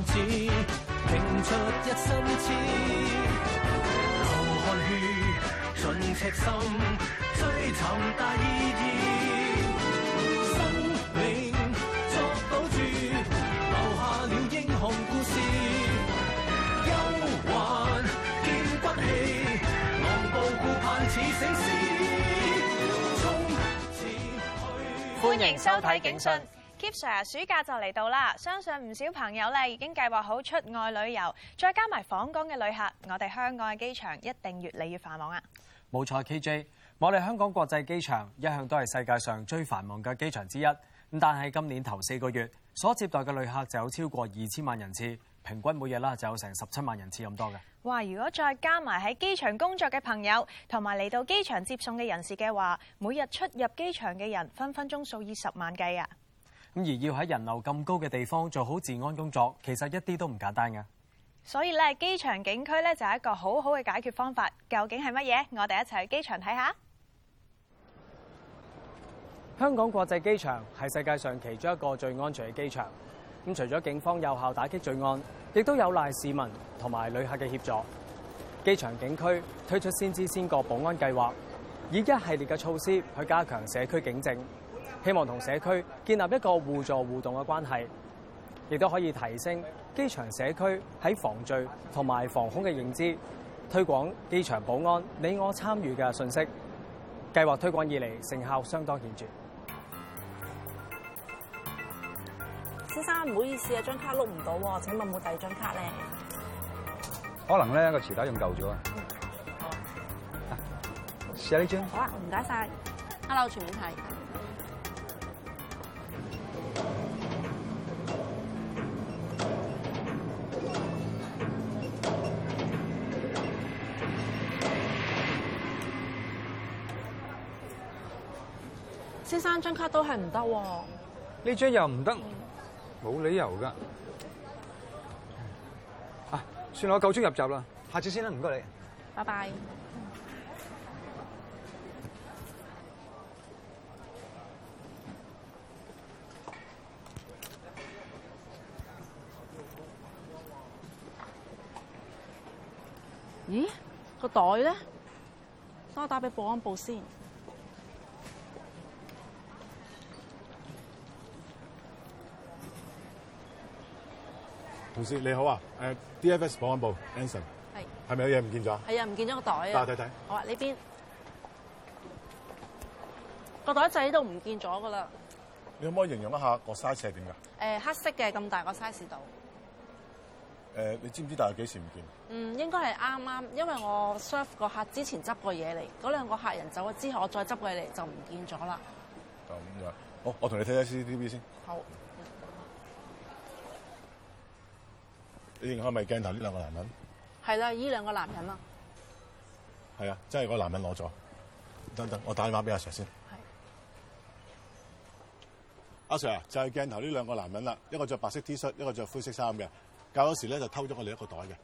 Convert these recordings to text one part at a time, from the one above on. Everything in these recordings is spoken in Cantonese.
歡迎收睇警訊。Kip Sir，暑假就嚟到啦，相信唔少朋友咧已經計劃好出外旅遊，再加埋訪港嘅旅客，我哋香港嘅機場一定越嚟越繁忙啊！冇錯，KJ，我哋香港國際機場一向都係世界上最繁忙嘅機場之一，咁但係今年頭四個月所接待嘅旅客就有超過二千萬人次，平均每日啦就有成十七萬人次咁多嘅。哇！如果再加埋喺機場工作嘅朋友同埋嚟到機場接送嘅人士嘅話，每日出入機場嘅人分分鐘數以十萬計啊！咁而要喺人流咁高嘅地方做好治安工作，其實一啲都唔簡單噶。所以咧，機場警區咧就係一個好好嘅解決方法。究竟係乜嘢？我哋一齊去機場睇下。香港國際機場係世界上其中一個最安全嘅機場。咁除咗警方有效打擊罪案，亦都有賴市民同埋旅客嘅協助。機場警區推出先知先覺保安計劃，以一系列嘅措施去加強社區警政。希望同社區建立一個互助互動嘅關係，亦都可以提升機場社區喺防罪同埋防空嘅認知，推廣機場保安你我參與嘅訊息。計劃推廣以嚟，成效相當顯著。先生唔好意思啊，張卡碌唔到喎，請問冇第二張卡咧？可能咧個磁帶用舊咗啊！啊，試下呢張好啊，唔該晒。啊、Hello，全面睇。先生張卡都係唔得，呢張又唔得，冇、嗯、理由噶。啊，算我夠鐘入閘啦，下次先啦，唔該你，拜拜。咦、嗯？個、嗯、袋咧，等我打俾保安部先。同事你好啊，誒 DFS 保安部 Anson，係係咪有嘢唔見咗？係啊，唔見咗個袋啊。大家睇睇。好啊，呢邊個袋仔都唔見咗噶啦。你可唔可以形容一下個 size 係點㗎？誒、呃，黑色嘅咁大個 size 度。誒、呃，你知唔知大概幾時唔見？嗯，應該係啱啱，因為我 serve 個客之前執個嘢嚟，嗰兩個客人走咗之後，我再執佢嚟就唔見咗啦。咁樣，好，我同你睇睇 CCTV 先。好。你講係咪鏡頭呢兩個男人？係啦，依兩個男人咯。係啊，真係個男人攞咗。等等，我打電話俾阿 Sir 先。係的。阿 Sir 啊，就係鏡頭呢兩個男人啦，一個着白色 T 恤，一個着灰色衫嘅。搞嗰時咧就偷咗我哋一個袋嘅。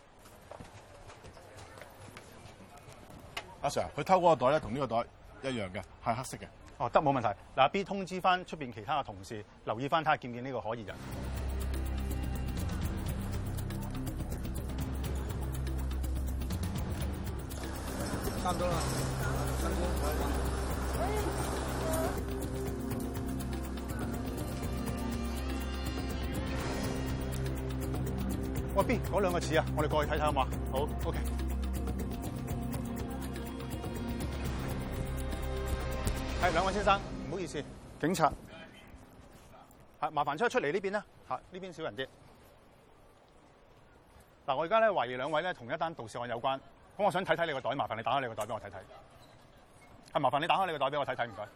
阿 Sir 啊，佢偷嗰個袋咧同呢個袋一樣嘅，係黑色嘅。哦，得冇問題。嗱，B 通知翻出邊其他嘅同事留意翻睇下見唔見呢個可疑人。差唔多啦，三千五百蚊。喂，我邊嗰兩個字啊？我哋過去睇睇好嘛？好，嗎，好，OK。係兩位先生，唔好意思，警察，係麻煩出出嚟，呢邊啦，吓，呢邊少人啲。嗱，我而家呢懷疑兩位呢同一單盜竊案有關。咁我想睇睇你個袋，麻煩你打開你個袋俾我睇睇。係，麻煩你打開你個袋俾我睇睇，唔該。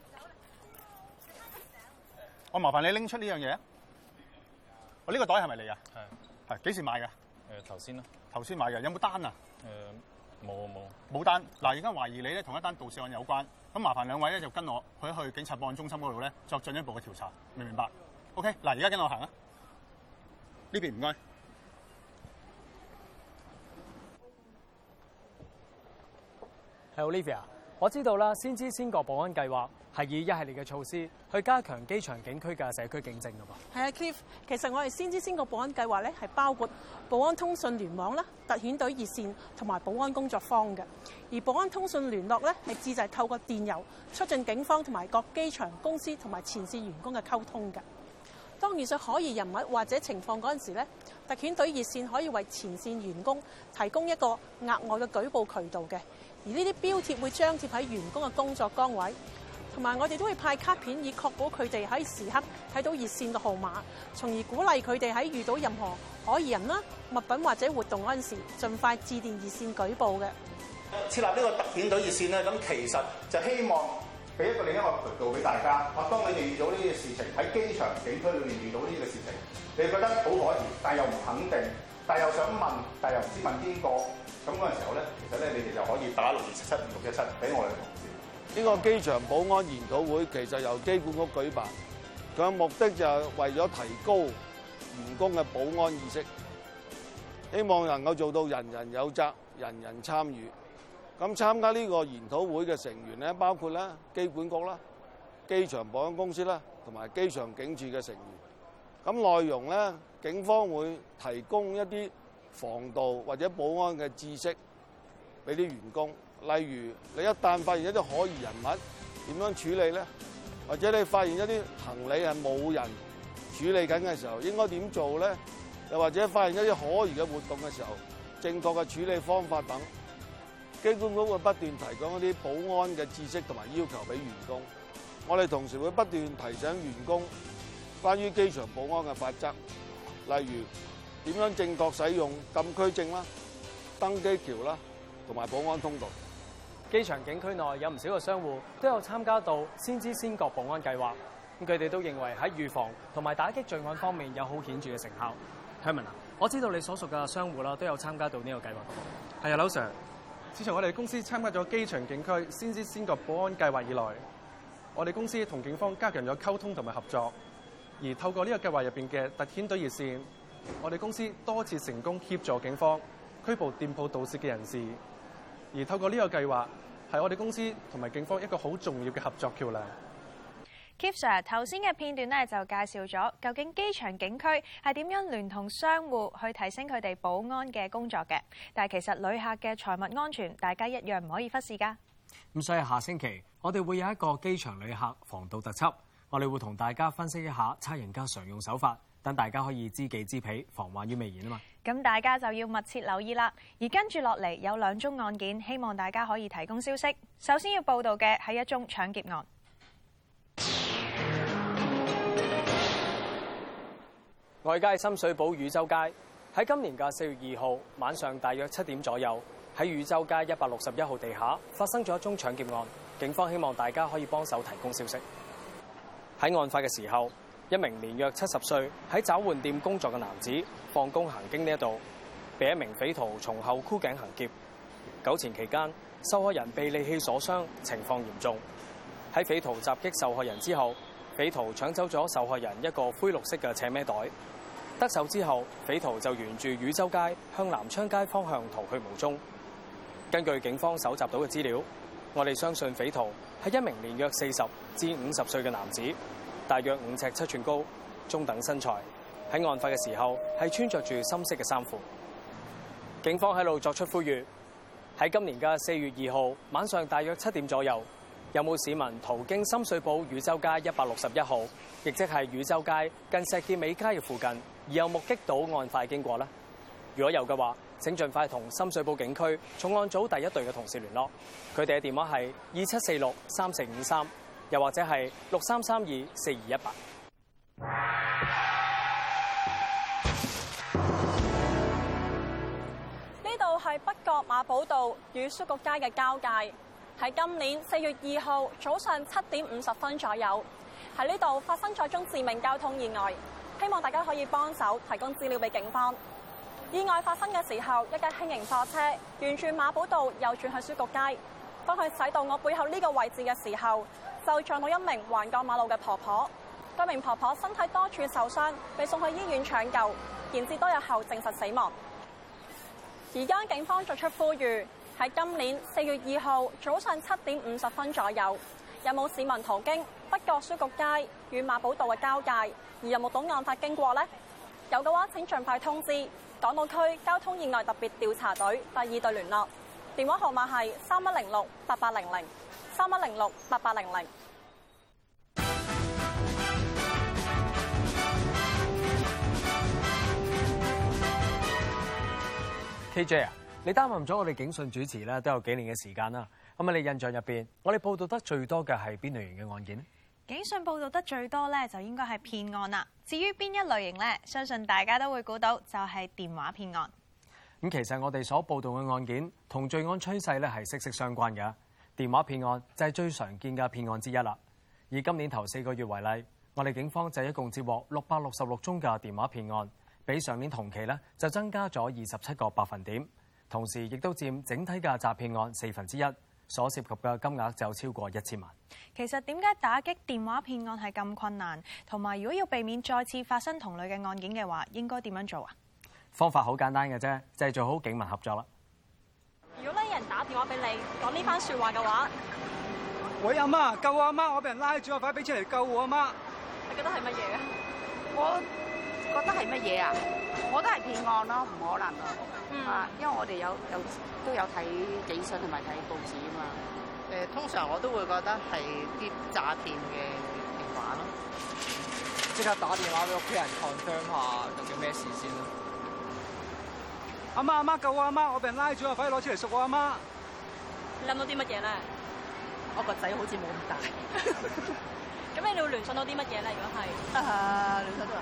我麻煩你拎出呢樣嘢。我、哦、呢、呢個袋係咪你啊？係，係幾時買嘅？誒頭先啊，頭先買嘅，有冇單啊？誒冇冇。冇單嗱，而家懷疑你咧同一單盜竊案有關，咁麻煩兩位咧就跟我去一去警察報案中心嗰度咧作進一步嘅調查，明唔明白、嗯？OK，嗱而家跟我行啊，呢邊唔該。Olivia，我知道啦。先知先覺保安計劃係以一系列嘅措施去加強機場警區嘅社區警政噶噃。係啊，Cliff，其實我哋先知先覺保安計劃咧係包括保安通訊聯網啦、特遣隊熱線同埋保安工作坊嘅。而保安通訊聯絡咧係旨在透過電郵促進警方同埋各機場公司同埋前線員工嘅溝通嘅。當遇上可疑人物或者情況嗰陣時咧，特遣隊熱線可以為前線員工提供一個額外嘅舉報渠道嘅。而呢啲標貼會張貼喺員工嘅工作崗位，同埋我哋都會派卡片，以確保佢哋喺時刻睇到熱線嘅號碼，從而鼓勵佢哋喺遇到任何可疑人啦、物品或者活動嗰陣時，盡快致電熱線舉報嘅。設立呢個特遣隊熱線咧，咁其實就希望俾一個另一個渠道俾大家，當你哋遇到呢啲事情喺機場景區裏面遇到呢啲事情，你覺得好可疑，但又唔肯定，但又想問，但又唔知問邊個。咁嗰陣時候咧，其實咧，你哋就可以打六二七七六一七俾我哋同事。呢個機場保安研討會其實由機管局舉辦，佢嘅目的就係為咗提高員工嘅保安意識，希望能夠做到人人有責、人人參與。咁參加呢個研討會嘅成員咧，包括咧機管局啦、機場保安公司啦，同埋機場警署嘅成員。咁內容咧，警方會提供一啲。防盜或者保安嘅知識，俾啲員工。例如，你一旦發現一啲可疑人物，點樣處理咧？或者你發現一啲行李係冇人處理緊嘅時候，應該點做咧？又或者發現一啲可疑嘅活動嘅時候，正確嘅處理方法等，基本都會不斷提供一啲保安嘅知識同埋要求俾員工。我哋同時會不斷提醒員工關於機場保安嘅法則，例如。點樣正確使用禁區證啦、登機橋啦，同埋保安通道。機場警區內有唔少嘅商戶都有參加到先知先覺保安計劃。咁佢哋都認為喺預防同埋打擊罪案方面有好顯著嘅成效。Sherman 啊，我知道你所屬嘅商戶啦，都有參加到呢個計劃。係啊，樓 Sir。自從我哋公司參加咗機場警區先知先覺保安計劃以來，我哋公司同警方加強咗溝通同埋合作，而透過呢個計劃入邊嘅特遣隊熱線。我哋公司多次成功協助警方拘捕店鋪盜竊嘅人士，而透過呢個計劃，係我哋公司同埋警方一個好重要嘅合作橋樑。Kip Sir 頭先嘅片段咧就介紹咗究竟機場警區係點樣聯同商戶去提升佢哋保安嘅工作嘅，但係其實旅客嘅財物安全大家一樣唔可以忽視噶。咁所以下星期我哋會有一個機場旅客防盜特輯，我哋會同大家分析一下差人家常用手法。等大家可以知己知彼，防患於未然啊嘛，咁大家就要密切留意啦。而跟住落嚟有兩宗案件，希望大家可以提供消息。首先要報道嘅係一宗搶劫案。外街深水埗汝州街喺今年嘅四月二號晚上大約七點左右，喺汝州街一百六十一號地下發生咗一宗搶劫案。警方希望大家可以幫手提供消息。喺案發嘅時候，一名年約七十歲喺找換店工作嘅男子放工行經呢一度，被一名匪徒從後箍頸行劫。糾纏期間，受害人被利器所傷，情況嚴重。喺匪徒襲擊受害人之後，匪徒搶走咗受害人一個灰綠色嘅斜孭袋。得手之後，匪徒就沿住汝州街向南昌街方向逃去無蹤。根據警方搜集到嘅資料，我哋相信匪徒係一名年約四十至五十歲嘅男子。大約五尺七吋高，中等身材。喺案發嘅時候係穿着住深色嘅衫褲。警方喺度作出呼籲：喺今年嘅四月二號晚上大約七點左右，有冇市民途經深水埗汝州街一百六十一號，亦即係汝州街近石硤尾街嘅附近，而有目擊到案發經過呢？如果有嘅話，請盡快同深水埗警區重案組第一隊嘅同事聯絡，佢哋嘅電話係二七四六三四五三。3又或者係六三三二四二一八。呢度係北角馬寶道與書局街嘅交界。喺今年四月二號早上七點五十分左右，喺呢度發生咗宗致命交通意外。希望大家可以幫手提供資料俾警方。意外發生嘅時候，一架輕型貨車沿住馬寶道右轉去書局街。當佢駛到我背後呢個位置嘅時候，就撞到一名橫過馬路嘅婆婆，嗰名婆婆身體多處受傷，被送去醫院搶救，然至多日後證實死亡。而家警方作出呼籲，喺今年四月二號早上七點五十分左右，有冇市民途經北角書局街與馬寶道嘅交界而有冇目睹案發經過呢？有嘅話請盡快通知港島區交通意外特別調查隊第二隊，聯絡電話號碼係三一零六八八零零。三一零六八八零零，K J 啊，你擔任咗我哋警訊主持咧，都有幾年嘅時間啦。咁啊，你印象入邊，我哋報道得最多嘅係邊類型嘅案件咧？警訊報道得最多咧，就應該係騙案啦。至於邊一類型咧，相信大家都會估到，就係電話騙案。咁其實我哋所報道嘅案件同罪案趨勢咧係息息相關嘅。電話騙案就係最常見嘅騙案之一啦。以今年頭四個月為例，我哋警方就一共接獲六百六十六宗嘅電話騙案，比上年同期呢就增加咗二十七個百分點，同時亦都佔整體嘅詐騙案四分之一，所涉及嘅金額就超過一千萬。其實點解打擊電話騙案係咁困難？同埋如果要避免再次發生同類嘅案件嘅話，應該點樣做啊？方法好簡單嘅啫，就係做好警民合作啦。打電話俾你講呢番說話嘅話，喂阿媽，救阿媽，我俾人拉住，我快啲俾出嚟，救我阿媽。你覺得係乜嘢啊？我覺得係乜嘢啊？我都係騙案咯，唔可能啊，嗯、因為我哋有有都有睇警訊同埋睇報紙啊嘛。誒、呃，通常我都會覺得係啲詐騙嘅電話咯，即刻打電話俾屋企人 confirm 下究竟咩事先咯。阿媽，阿媽，救我阿媽，我被人拉住，我快以攞出嚟贖我阿媽。你諗到啲乜嘢咧？我個仔好似冇咁大。咁 你會聯想到啲乜嘢咧？如果係誒、啊、聯想到，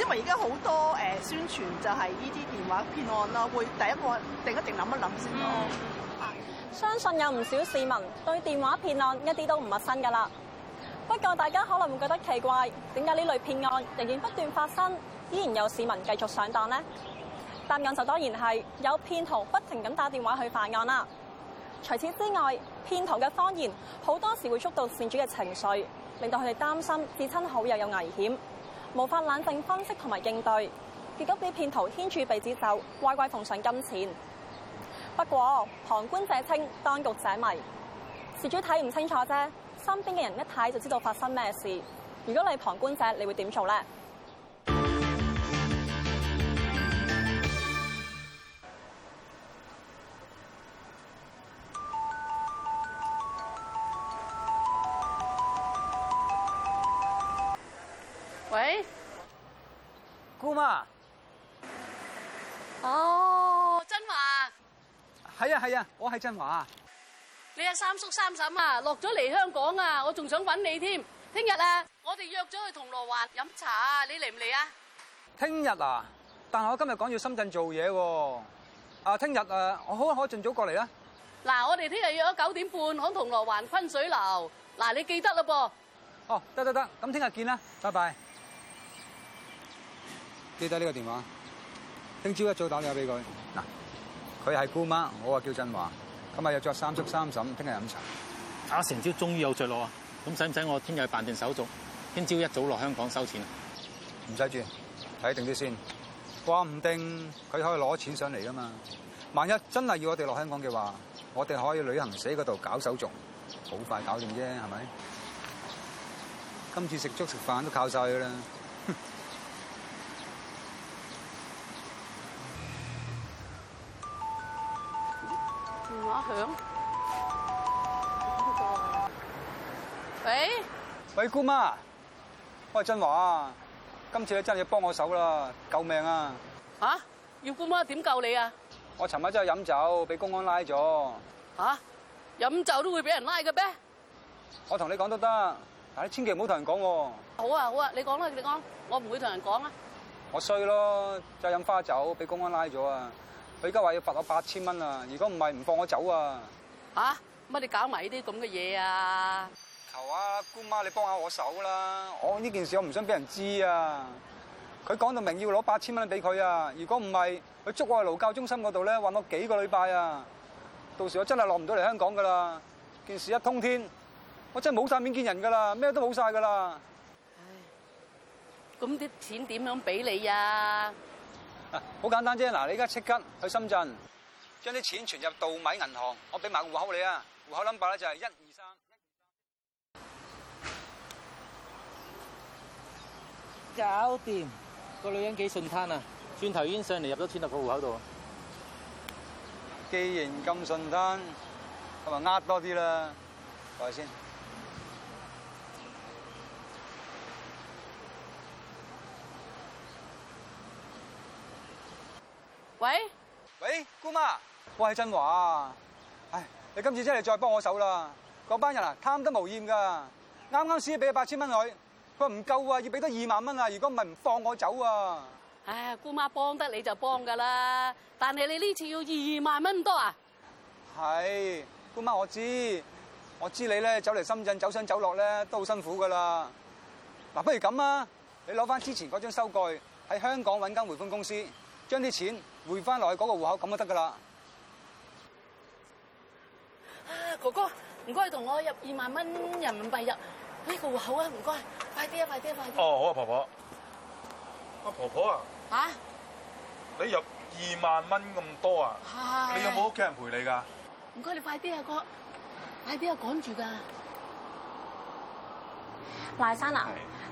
因為而家好多、呃、宣傳就係呢啲電話騙案啦，會第一個定一定諗一諗先咯。嗯嗯、相信有唔少市民對電話騙案一啲都唔陌生㗎啦。不過大家可能會覺得奇怪，點解呢類騙案仍然不斷發生，依然有市民繼續上當咧？答案就當然係有騙徒不停咁打電話去犯案啦。除此之外，騙徒嘅謊言好多時會觸動事主嘅情緒，令到佢哋擔心、至親好友有危險，無法冷靜分析同埋應對，結果俾騙徒牽著鼻子走，乖乖奉上金錢。不過旁觀者清，當局者迷，事主睇唔清楚啫。身邊嘅人一睇就知道發生咩事。如果你旁觀者，你會點做呢？真華啊！你阿三叔三嬸啊，落咗嚟香港啊，我仲想搵你添。聽日啊，我哋約咗去銅鑼灣飲茶啊，你嚟唔嚟啊？聽日啊，但係我今日講要深圳做嘢喎。啊，聽日啊，我可唔可以盡早過嚟啦。嗱，我哋聽日約咗九點半響銅鑼灣昆水樓。嗱，你記得啦噃。哦，得得得，咁聽日見啦，拜拜。記得呢個電話。聽朝一早打電話俾佢。嗱，佢係姑媽，我啊叫真華。今日又着三叔三嬸，聽日飲茶。打成朝終於有着落啊！咁使唔使我聽日去辦定手續？聽朝一早落香港收錢。唔使住，睇定啲先。話唔定佢可以攞錢上嚟噶嘛？萬一真係要我哋落香港嘅話，我哋可以旅行社嗰度搞手續，好快搞掂啫，係咪？今次食粥食飯都靠晒佢啦。喂，喂，姑媽，我係振華，今次你真係要幫我手啦，救命啊！吓，要姑媽點救你啊？我尋晚真係飲酒，俾公安拉咗。吓，飲酒都會俾人拉嘅咩？我同你講都得，但係你千祈唔好同人講喎。好啊好啊，你講啦你講，我唔會同人講啊。我衰咯，就係飲花酒，俾公安拉咗啊！佢而家話要罰我八千蚊啊！如果唔係唔放我走啊！吓，乜你搞埋呢啲咁嘅嘢啊？求啊，姑媽你幫下我手啦！我呢件事我唔想俾人知啊！佢講到明要攞八千蚊俾佢啊！如果唔係，佢捉我喺勞教中心嗰度咧，韞我幾個禮拜啊！到時我真係落唔到嚟香港噶啦！件事一通天，我真係冇曬面見人噶啦，咩都冇曬噶啦！唉，咁啲錢點樣俾你啊？好簡單啫，嗱，你而家即刻去深圳，將啲錢存入稻米銀行，我俾埋個戶口你啊，戶口 number 咧就係一二三，搞掂。個女人幾順攤啊，轉頭已經上嚟入咗千六個戶口度，啊。既然咁順攤，咁啊呃多啲啦，係咪先？喂，喂，姑媽，我係振華，唉，你今次真係再幫我手啦，嗰班人啊貪得無厭噶，啱啱先俾咗八千蚊佢，佢話唔夠啊，要俾多二萬蚊啊，如果唔係唔放我走啊。唉，姑媽幫得你就幫噶啦，但係你呢次要二萬蚊咁多啊？係，姑媽我知，我知你咧走嚟深圳走上走落咧都好辛苦噶啦，嗱不如咁啊，你攞翻之前嗰張收據喺香港搵間匯款公司。將啲錢匯翻落去嗰個戶口咁就得噶啦！啊，哥哥，唔該，你同我入二萬蚊人民幣入呢個戶口啊！唔該，快啲啊，快啲啊，快啲！哦，好啊，婆婆，阿、啊、婆婆啊，啊，你入二萬蚊咁多啊？係。你有冇屋企人陪你噶？唔該，你快啲啊，哥，哥，快啲啊，趕住噶，賴生啊！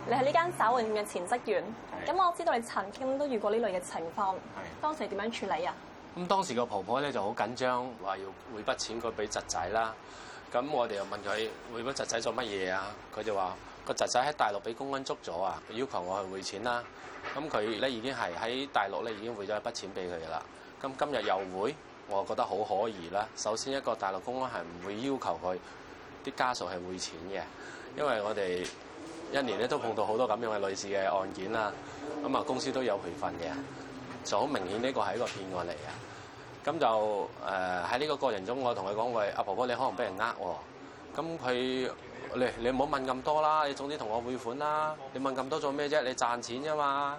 你係呢間找換店嘅前職員，咁的我知道你曾經都遇過呢類嘅情況，的當時點樣處理啊？咁當時個婆婆咧就好緊張，話要匯筆錢佢俾侄仔啦。咁我哋又問佢匯俾侄仔做乜嘢啊？佢就話個侄仔喺大陸俾公安捉咗啊，要求我去匯錢啦。咁佢咧已經係喺大陸咧已經匯咗一筆錢俾佢嘅啦。咁今日又匯，我覺得好可疑啦。首先一個大陸公安係唔會要求佢啲家屬係匯錢嘅，因為我哋一年咧都碰到好多咁樣嘅類似嘅案件啦，咁啊公司都有培訓嘅，就好明顯呢個係一個騙案嚟嘅。咁就誒喺呢個過程中，我同佢講喂，阿婆婆你可能俾人呃喎。咁佢，你你唔好問咁多啦，你總之同我匯款啦。你問咁多做咩啫？你賺錢啫嘛。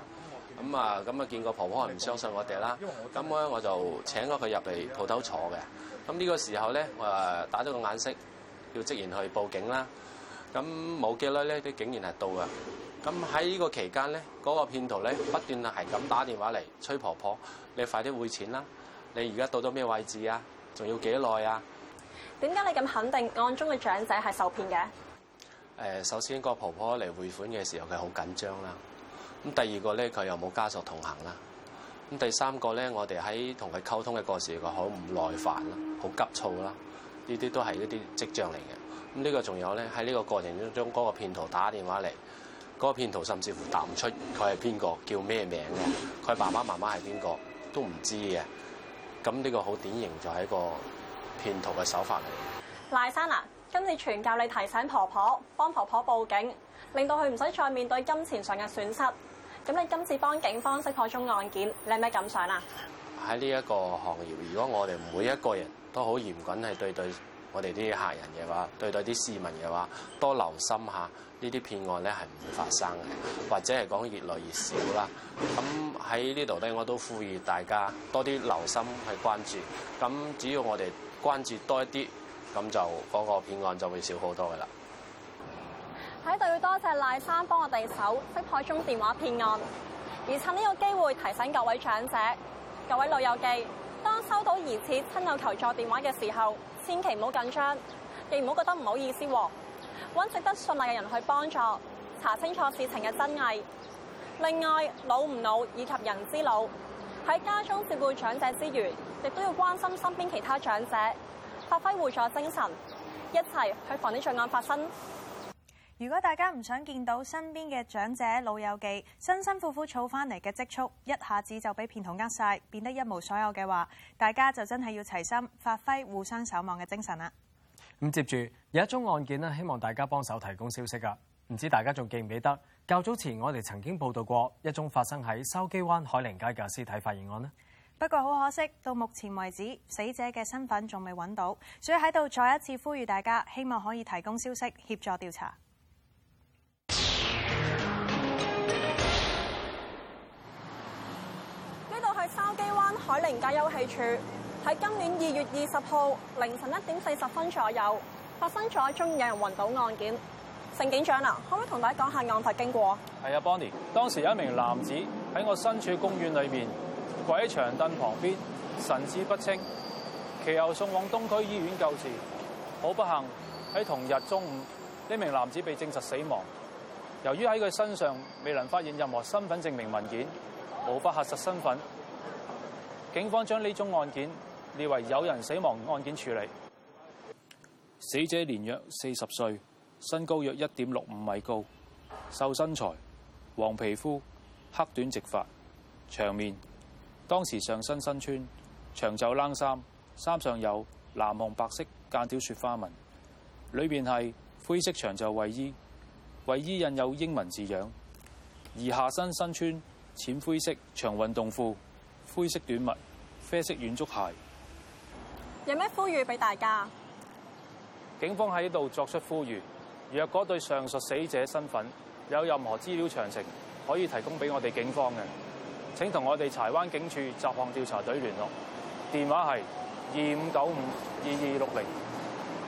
咁啊咁啊見個婆婆唔相信我哋啦。咁咧我就請咗佢入嚟鋪頭坐嘅。咁呢個時候咧，我打咗個眼色，要職員去報警啦。咁冇幾耐咧，啲警員係到噶。咁喺呢個期間咧，嗰、那個騙徒咧不斷係咁打電話嚟催婆婆，你快啲匯錢啦！你而家到咗咩位置啊？仲要幾耐啊？點解你咁肯定案中嘅長者係受騙嘅？誒、呃、首先個婆婆嚟匯款嘅時候佢好緊張啦。咁第二個咧佢又冇家屬同行啦。咁第三個咧我哋喺同佢溝通嘅嗰時，佢好唔耐煩啦，好急躁啦，呢啲都係一啲跡象嚟嘅。咁呢個仲有咧，喺呢個過程之中，嗰、這個騙徒打電話嚟，嗰、這個騙徒甚至乎答唔出佢係邊個，叫咩名嘅，佢爸爸媽媽係邊個都唔知嘅。咁呢個好典型就係、是、一個騙徒嘅手法嚟。賴生啊，今次全靠你提醒婆婆，幫婆婆報警，令到佢唔使再面對金錢上嘅損失。咁你今次幫警方識破中案件，你有咩感想啊？喺呢一個行業，如果我哋每一個人都好嚴謹係對對。我哋啲客人嘅話，對待啲市民嘅話，多留心一下呢啲騙案咧，係唔會發生嘅，或者係講越來越少啦。咁喺呢度咧，我都呼籲大家多啲留心去關注。咁只要我哋關注多一啲，咁就嗰個騙案就會少好多噶啦。喺度要多謝賴生幫我哋手，即海中電話騙案，而趁呢個機會提醒各位長者、各位老友記，當收到疑似親友求助電話嘅時候。千祈唔好緊張，亦唔好覺得唔好意思，搵值得信賴嘅人去幫助，查清楚事情嘅真偽。另外，老唔老以及人之老，喺家中照顧長者之餘，亦都要關心身邊其他長者，發揮互助精神，一齊去防止罪案發生。如果大家唔想見到身邊嘅長者老友記辛辛苦苦儲翻嚟嘅積蓄，一下子就俾騙徒呃晒，變得一無所有嘅話，大家就真係要齊心發揮互相守望嘅精神啦。咁接住有一宗案件呢，希望大家幫手提供消息噶。唔知大家仲記唔記得較早前我哋曾經報道過一宗發生喺筲箕灣海寧街嘅屍體發現案呢。不過好可惜，到目前為止，死者嘅身份仲未揾到，所以喺度再一次呼籲大家，希望可以提供消息協助調查。海寧街休憩處喺今年二月二十號凌晨一點四十分左右發生咗一宗有人暈倒案件。盛警長啊，可唔可以同大家講一下案發經過是啊？係啊，Bonnie。當時有一名男子喺我身處公園裏面，跪喺長凳旁邊，神志不清，其後送往東區醫院救治。好不幸喺同日中午呢名男子被證實死亡。由於喺佢身上未能發現任何身份證明文件，無法核實身份。警方將呢宗案件列為有人死亡案件處理。死者年約四十歲，身高約一點六五米高，瘦身材，黃皮膚，黑短直髮，長面。當時上身身穿長袖冷衫，衫上有藍紅白色間條雪花紋，裏邊係灰色長袖衞衣，衞衣印有英文字樣。而下身身穿淺灰色長運動褲。灰色短襪、啡色軟足鞋，有咩呼籲俾大家？警方喺度作出呼籲，若果對上述死者身份有任何資料詳情，可以提供俾我哋警方嘅，請同我哋柴灣警署雜項調查隊聯絡，電話係二五九五二二六零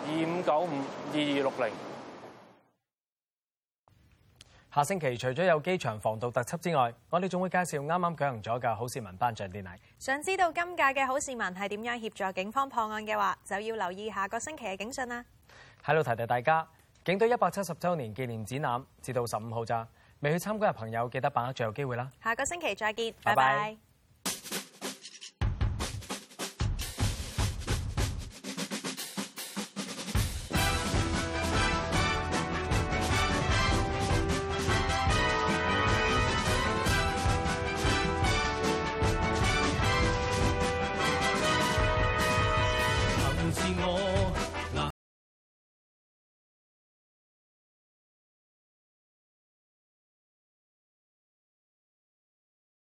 二五九五二二六零。下星期除咗有機場防盜特輯之外，我哋仲會介紹啱啱舉行咗嘅好市民頒獎典禮。想知道今屆嘅好市民係點樣協助警方破案嘅話，就要留意下個星期嘅警訊啦。喺度提提大家，警隊一百七十週年紀念展覽至到十五號咋，未去參觀嘅朋友記得把握最後機會啦。下個星期再見，拜拜 bye。Bye bye